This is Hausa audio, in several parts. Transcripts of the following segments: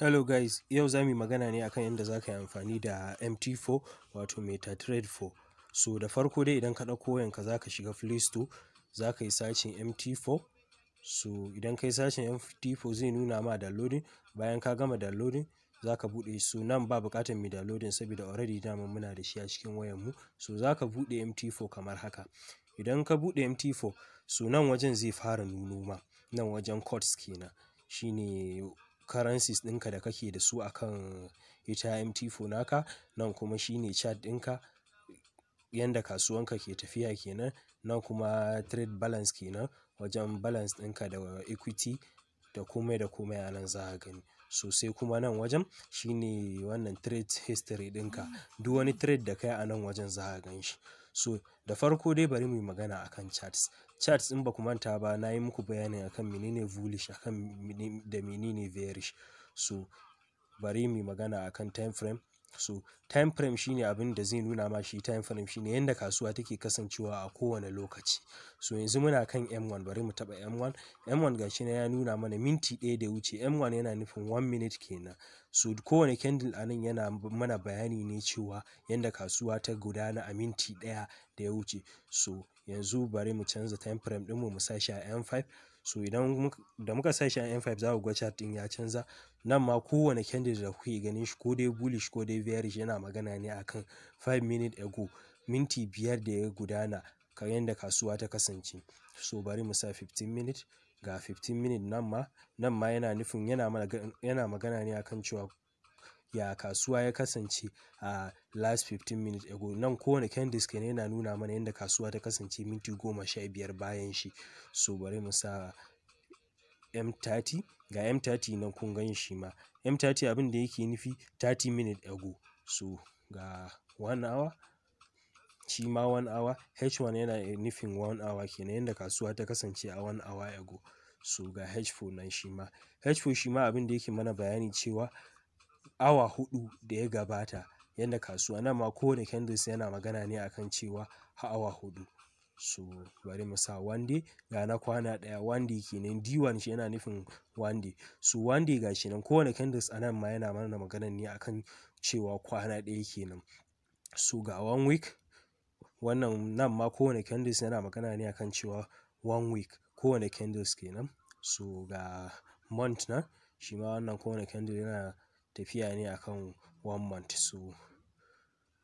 Hello guys, yau za mu yi magana ne akan yadda za ka yi amfani da MT4 wato MetaTrader 4. So da farko dai idan ka ɗauko yanka za ka shiga Play Store, za ka yi sacin MT4. So idan ka yi sacin MT4 zai nuna ma downloading, bayan ka gama downloading za ka buɗe so nan ba buƙatar mai downloading saboda already dama muna da shi a cikin wayar mu. So za ka buɗe MT4 kamar haka. Idan ka buɗe MT4 so nan wajen zai fara nuno ma, nan wajen codes kenan. ne. currencies ɗinka da kake da su akan ita MT4 naka nan kuma shine chart ɗinka yanda kasuwanka ke tafiya kenan nan kuma trade balance kenan wajen balance ɗinka da equity da komai da komai a nan za a gani sosai kuma nan wajen shine wannan trade history ɗinka duk wani trade da kai a nan wajen za a gan shi So da farko dai bari mu yi magana akan charts. Charts in ba ku manta ba na yi muku bayani akan menene bullish akan da menene bearish. So bari mu yi magana akan time frame so time frame shine abin da zai nuna ma shi time frame shine yanda kasuwa take kasancewa a kowane lokaci so yanzu muna kan M1 bari mu taba M1 M1 gashi na ya nuna mana minti ɗaya da wuce M1 yana nufin 1 minute kenan so kowane candle anan yana mana bayani ne cewa yanda kasuwa ta gudana a minti ɗaya da ya wuce so yanzu bari mu canza time frame ɗinmu mu sa shi a M5 so idan da muka sa shi a m5 za ku ga chart din ya canza nan ma kowane candle da kuke ganin shi ko dai bullish ko dai bearish yana magana ne akan 5 minute ago minti biyar da ya gudana kan yadda kasuwa ta kasance so bari mu sa 15 minute ga 15 minute nan ma nan ma yana nufin yana magana ne akan cewa ya kasuwa ya kasance a last 15 minutes ago nan kowane candles kenan yana nuna mana yadda kasuwa ta kasance minti goma sha biyar bayan shi so bari mu sa m30 ga m30 nan kun gan shi ma m30 abin da yake nufi 30 minutes ago so ga one hour shi ma one hour h1 yana nufin one hour kenan yadda kasuwa ta kasance a one hour ago so ga h4 nan shi ma h4 shi ma abin da yake mana bayani cewa awa hudu da ya gabata yadda kasuwa nan ma kowane candles yana magana ne akan cewa ha awa hudu so bari mu sa one day ga na kwana daya one day kenan d1 shi yana nufin one day so one day gashi nan kowane candles a nan ma yana mana magana ne akan cewa kwana daya kenan so ga one week wannan nan ma kowane candles yana magana ne akan cewa one week kowane candles kenan so ga month nan shi ma wannan kowane candle yana tafiya ne akan one month so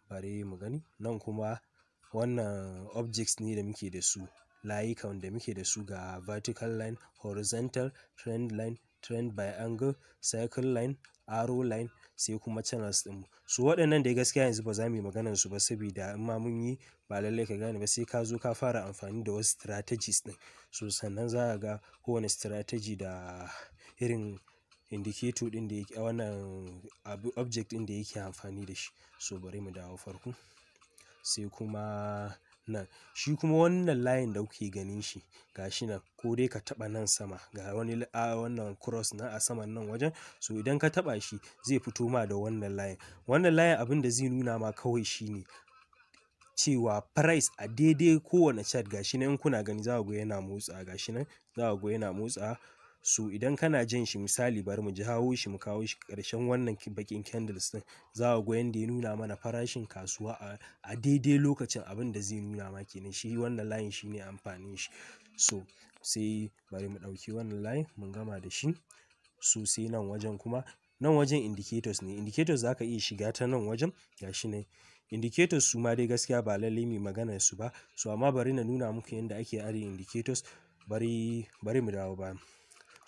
bari mu gani. Nan kuma wannan objects ne da muke da su layukan da muke da su ga vertical line, horizontal, trend line, trend by angle, circle line, arrow line sai kuma channels ɗin mu. Su waɗannan dai gaskiya yanzu ba za mu yi maganar su ba saboda in ma mun yi ba lallai ka gane ba sai ka zo ka fara amfani da wasu strategies ɗin. So sannan za ka ga kowane strategy da irin indicator ɗin da yake wannan object ɗin da yake amfani da shi so bari mu dawo farko sai kuma nan shi kuma wannan layin da kuke ganin shi gashi nan ko dai ka taba nan sama ga wani a wannan cross na a saman nan wajen so idan ka taba shi zai fito ma da wannan layin wannan layin abin da zai nuna ma kawai shine cewa price a daidai kowane chart gashi nan kuna gani za ku ga yana motsa gashi nan za ku ga yana motsa so idan kana jin shi misali bari mu jawo shi mu kawo shi ƙarshen wannan bakin candles din za ku ga yanda ya nuna mana farashin kasuwa a daidai lokacin abin da zai nuna ma kenan shi wannan layin shine amfanin shi so sai bari mu ɗauki wannan layin mun gama da shi so sai nan wajen kuma nan wajen indicators ne indicators za ka iya shiga ta nan wajen gashi ne indicators su ma dai gaskiya ba lallai mai magana su ba so amma bari na nuna muku yadda ake are indicators bari bari mu dawo ba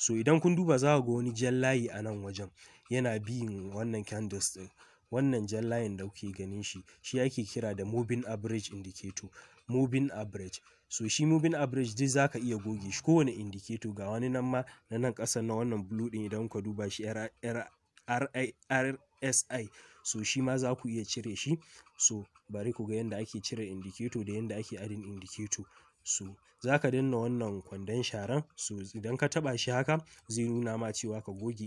So idan kun duba za ka ga wani jan layi a nan wajen yana biyin wannan candles ɗin. Wannan jan layin da kuke ganin shi, shi ake kira da moving average indicator. Moving average. So shi moving average dai za iya goge shi kowane indicator ga wani nan ma na nan ƙasan na wannan blue ɗin idan ka duba shi RSI. So shi ma za ku iya cire shi. So bari ku ga yanda ake cire indicator da yanda ake adding indicator. su za ka danna wannan kwandon sharan so idan ka taɓa shi haka zai nuna ma cewa ka goge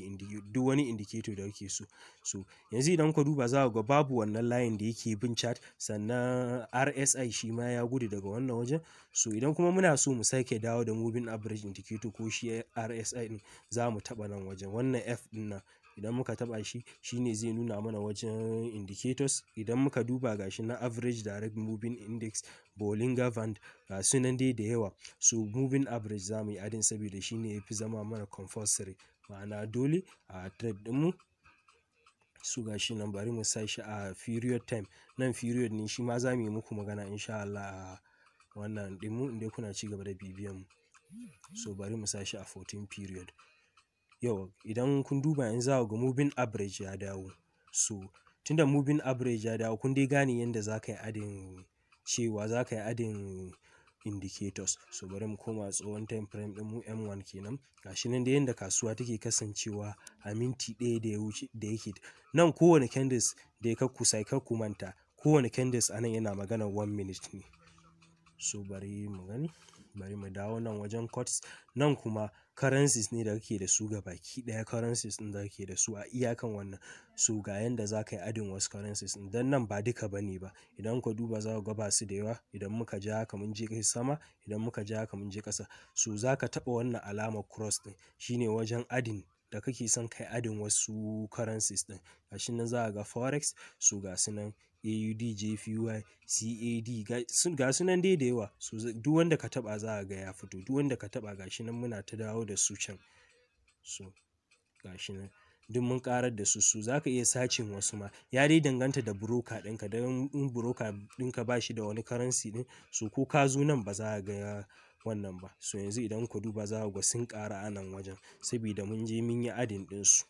duk wani indicator da yake so so yanzu idan ka duba za ga babu wannan layin da yake bin chart sannan RSI shi ma ya gudu daga wannan wajen so idan kuma muna so mu sake dawo da moving average indicator ko shi RSI din za mu taba nan wajen wannan F din nan idan muka taba shi shine zai nuna mana wajen indicators idan muka duba gashi na average direct moving index bollinger band ga sunan dai da yawa so moving average za zamu yi adin saboda shine yafi zama mana compulsory ma'ana dole a trade dinmu su gashi nan bari mu sa a period time nan period ne shi ma za mu yi muku magana insha Allah a wannan dinmu inda kuna ci gaba da bibiyan mu so bari mu sa a 14 period yau idan kun duba yanzu za ga moving average ya dawo. So tunda moving average ya dawo kun dai gane yadda za ka yi adin cewa za ka yi adin indicators. So bari mu koma tsohon time frame ɗin mu M1 kenan. Gashi nan da yadda kasuwa take kasancewa a minti ɗaya da ya wuce da yake. Nan kowane candles da ya kakku sai kakku manta kowane candles anan yana magana one minute ne. So bari mu gani. bari mu dawo nan wajen costs nan kuma currencies ne da kake da su ga baki ɗaya currencies din da kake da su a iyakan wannan su ga yanda za ka yi adin wasu currencies din dan nan ba duka ba ne ba idan ka duba za ka ga ba su da yawa idan muka ja haka mun je sama idan muka ja haka mun je kasa su za ka taɓa wannan alamar cross ɗin shine wajen adin da kake son kai adin wasu currencies ɗin gashi nan za ga forex su ga nan AUD, JPY, CAD ga nan dai da yawa so duk wanda ka taba za ga ya fito duk wanda ka taba gashi nan muna ta dawo da su can so gashi nan duk mun karar da su su zaka iya sacin wasu ma ya dai danganta da broker ɗinka don in broker ɗinka ba shi da wani currency din so ko ka zo nan ba za a ga wannan ba so yanzu idan ku duba za ku ga sun ƙara a nan wajen saboda mun je mun yi adin ɗinsu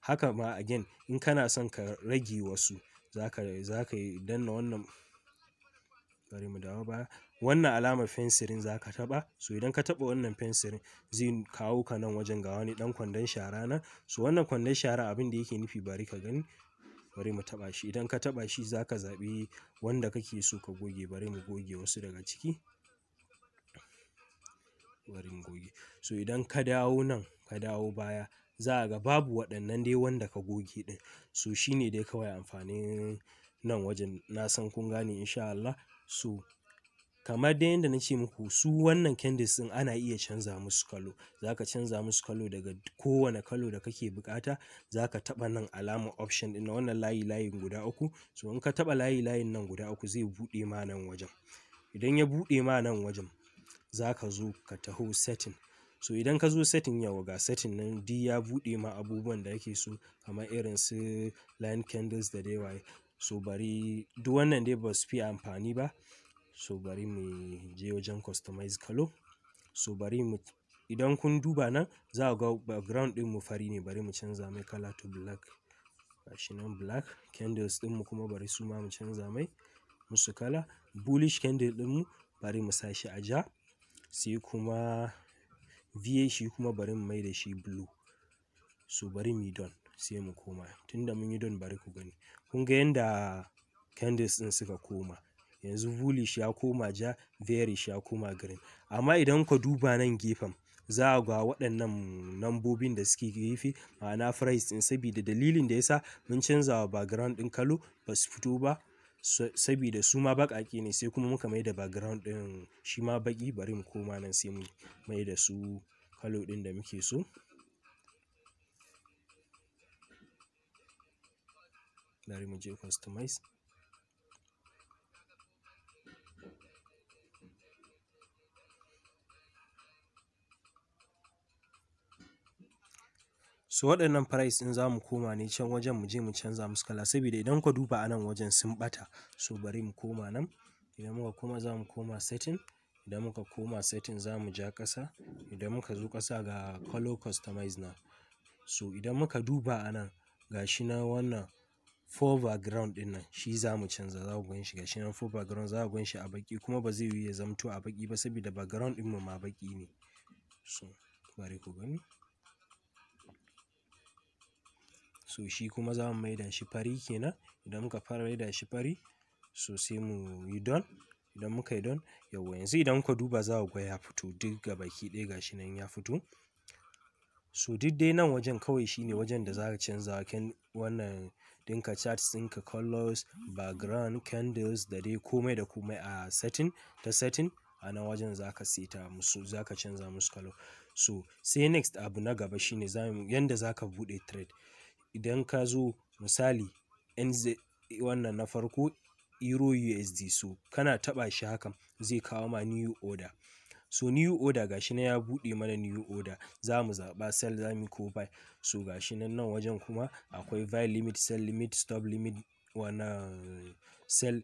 haka ma again in kana son ka rage wasu za ka danna wannan bari mu dawo ba wannan alamar fensirin za ka taɓa so idan ka taɓa wannan fensirin zai kawo ka nan wajen ga wani ɗan kwandon shara nan so wannan kwandon shara abin da yake nufi bari ka gani bari mu taɓa shi idan ka taɓa shi za ka zaɓi wanda kake so ka goge bari mu goge wasu daga ciki wurin goge so idan ka dawo nan ka dawo baya za a ga babu waɗannan dai wanda ka goge ɗin so shi ne dai kawai amfanin nan wajen na san kun gane insha Allah so kamar dai yadda na ce muku su wannan candles din ana iya canza musu kalo za ka canza musu kalo daga kowane kalo da kake bukata za ka taba nan alamar option din wannan layi layin guda uku so in ka taba layi layin nan guda uku zai buɗe ma nan wajen idan ya buɗe ma nan wajen za ka zo ka taho setting. So idan ka zo setting yawa ga setting nan di ya buɗe ma abubuwan da ake so kamar irin su line candles da dai waye. So bari duk wannan dai ba su fi amfani ba. So bari mu je wajen customize kalo So bari mu idan kun duba nan za ga background mu fari ne bari mu canza mai kala to black. Gashi nan black candles ɗinmu kuma bari su ma mu canza mai musu kala. Bullish candle ɗinmu bari mu sashi a ja. sai kuma va shi kuma bari mu mai da shi blue so bari mu yi don sai mu koma tunda mun yi don bari ku gani kun ga yanda candles din suka koma yanzu bullish ya koma ja very shi ya koma green amma idan ka duba nan gefen za a ga waɗannan nambobin da suke gefe ma'ana price din saboda dalilin da yasa mun canza wa background din kalo ba su fito ba sabida su ma baƙaƙe ne sai kuma muka mai da background ɗin shi ma baƙi bari mu koma nan sai mu mai da su kalo ɗin da muke so bari mu je customize su waɗannan price ɗin za mu koma ne can wajen mu je mu canza musu kala saboda idan ka duba a nan wajen sun ɓata so bari mu koma nan idan muka koma za mu koma setting idan muka koma setting za mu ja ƙasa idan muka zo ƙasa ga color customize na so idan muka duba a nan ga shi na wannan four background ɗin nan shi za mu canza za mu shi ga shi na four background za mu shi a baki kuma ba zai yi ya zamto a baki ba saboda background ɗin mu ma baki ne so bari ku gani so shi kuma za mu maida shi fari kenan idan muka fara maida shi fari so sai mu yi don idan muka yi don yauwa yanzu idan kuka duba za ku ga ya fito duk gabaki ɗaya gashi nan ya fito so duk dai nan wajen kawai shine wajen da za ka canza wannan dinka charts ɗinka colors background candles da dai komai da komai a setting ta setting a nan wajen za ka seta musu za ka canza musu color so sai next abu na gaba shine yanda za ka buɗe trade idan ka zo misali NZ wannan na farko Euro USD so kana taɓa shi hakan zai kawo ma new order so new order gashi na ya buɗe mana new order za mu zaɓa sell za mu ko buy so gashi nan nan wajen kuma akwai buy limit sell limit stop limit wannan sell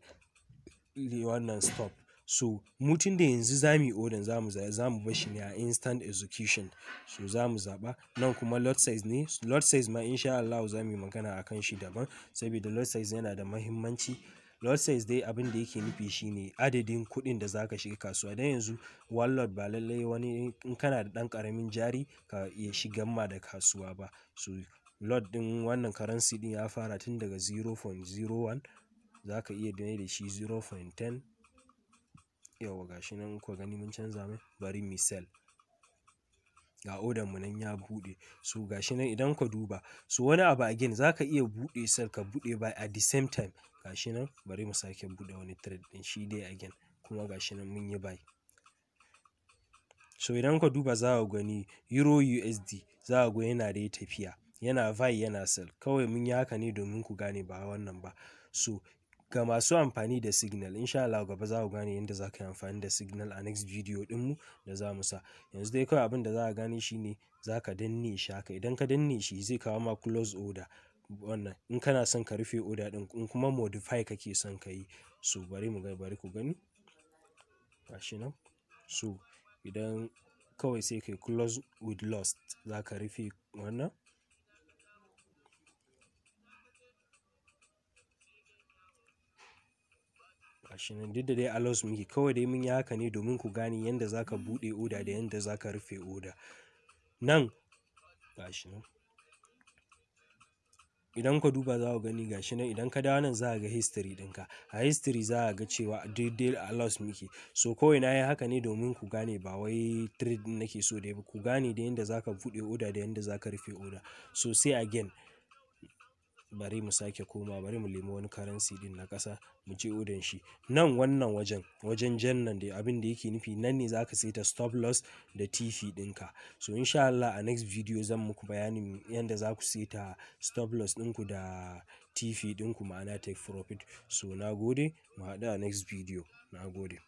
wannan stop So, mu da yanzu za mu yi odan za mu za mu bashi ne a instant execution. So, za mu zaɓa nan kuma lot size ne. Lot size ma insha Allah za mu yi magana a kan shi daban saboda lot size yana da mahimmanci. Lot size dai abin da yake nufi shi ne adadin kuɗin da za ka shiga kasuwa. dan yanzu one lot ba lallai wani in kana da ɗan ƙaramin jari ka iya shiga ma da kasuwa ba. So, lot ɗin wannan currency ɗin ya fara tun daga 0.01 za ka iya da shi 0.10 yauwa gashi nan kuka gani mun canza mai bari mu sell ga odan mu nan ya buɗe so gashi nan idan ka duba so wani abu again zaka iya buɗe sell ka buɗe by at the same time gashi nan bari mu sake buɗe wani trade ɗin shi dai again kuma gashi nan mun yi buy so idan ka duba za ka gani euro usd za ka ga yana da tafiya yana buy yana sell kawai mun yi haka ne domin ku gane ba wannan ba so ga masu amfani da signal insha Allah gaba za ku gane yadda za ka yi amfani da signal a next video dinmu da za mu sa yanzu dai kawai abin da za a gane shi ne za ka danne shi haka idan ka danne shi zai kawo ma close order wannan in kana son ka rufe order din in kuma modify kake son ka yi so bari mu ga bari ku gani gashi nan so idan kawai sai kai close with lost za ka rufe wannan gashi nan duk da dai allows muke kawai dai mun yi haka ne domin ku gane yanda zaka buɗe oda da yanda zaka rufe oda nan gashi nan idan ka duba za ka gani gashi nan idan ka dawo nan za ka ga history ɗinka a history za ka ga cewa daidai allows muke so kawai na yi haka ne domin ku gane ba wai trade nake so da ku gane da yadda za ka buɗe oda da yadda za ka rufe oda so sai again bari mu sake koma bari mu limo wani karansi din na ƙasa mu je odan shi nan wannan wajen wajen jan da abin da yake nufi nan ne zaka saita stop loss da tv ɗinka so insha Allah a next video zan muku bayanin yanda za ku saita stop loss ɗinku da tv ɗinku ma'ana take profit so na gode mu haɗu a next video na gode